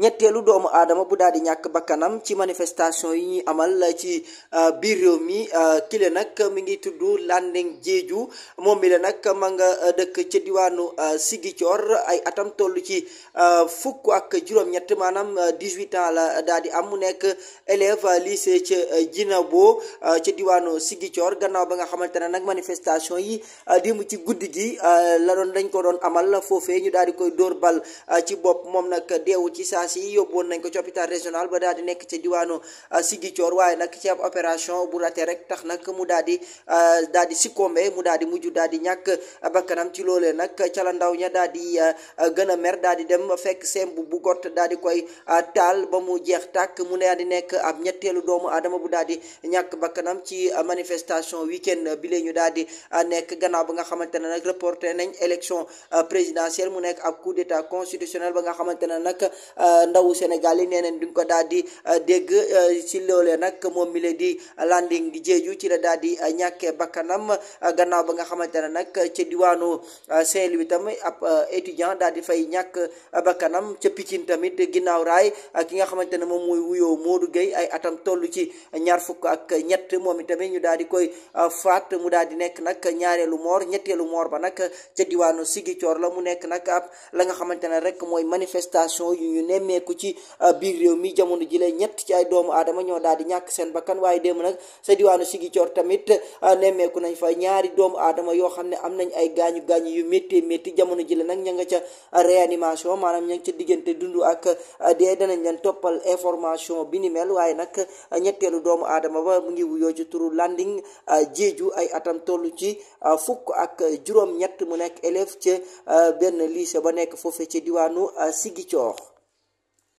ñetteelu doomu aadama bu daal di ñàkk bakkanam ci manifestation yi ñuy amal ci euh, biir réew mi euh, kile nag mi ngi tudd Landing Jeeju moom bi la nag ma nga euh, dëkk ca diwaanu Sigicoor ay atam toll ci fukk ak juróom-ñett maanaam 18 ans la daal di am mu nekk élève lycée ca bo ca diwaanu Sigicoor gannaaw ba nga xamante ne nag manifestation yi démb ci guddi gi la doon dañ ko doon amal foofee ñu daal di koy dóor bal ci bopp moom nag deewu ci saa ambulance yi yóbboon nañ ko ci hôpital régional ba daal di nekk ca diwaanu euh, Ziguinchor waaye nag ci ab opération bu raté rek tax nag mu daal di euh, daal di succombé mu daal di mujj daal di ñàkk bakkanam ci loolee nag ca ndaw ña daal di euh, gën a mer daal di dem fekk seen bu bu got daal di koy taal mu jeex tàkk mu daal di nekk ab ñetteelu doomu aadama bu daal di ñàkk bakkanam ci manifestation weekend bi la ñu daal di nekk gannaaw ba nga xamante ne nag reporté nañ élection présidentielle mu nekk ab coup d'état constitutionnel ba nga xamante ne nag ndawu Sénégal yi nee nañ duñ ko daal di euh, dégg euh, ci loolee nag moom mi la di Landing di Diédhiou ci la daal di euh, ñàkkee bakkanam gannaaw ba nga xamante ne nag ca diwaanu Saint-Louis tamit ab étudiant daal di fay ñàkk bakkanam ca Pikine tamit ginnaaw raay ki nga xamante ne moom mooy wuyoo Modou Gueye ay atam tollu ci ñaar fukk ak ñett moom itamit ñu daal di koy faat mu daal di nekk nag ñaareelu moor ñetteelu moor ba nag ca diwaanu Ziguinchor la mu nekk nag ab la nga xamante ne rek mooy manifestation yu ñu nemmi nekku ci ah, biir réew mi jamono ji ñett ci ay doomu aadama ñoo daal di ñàkk seen bakkan waaye démb nag sa diwaanu Sigicoor tamit ah, nemmeeku nañ fa ñaari doomu aadama yoo xam ne am nañ ay gaañu gaañu yu métti métti jamono ji la nag ña nga ca réanimation maanaam ña nga ca diggante dund ak ah, dee danañ leen toppal information bi ni mel waaye nag ñetteelu doomu aadama ba mu ngi wuyoo ci turu landing jéeju ay atam toll ci fukk ak juróom-ñett mu nekk élève ca benn lycée ba nekk foofu ci diwaanu Sigicoor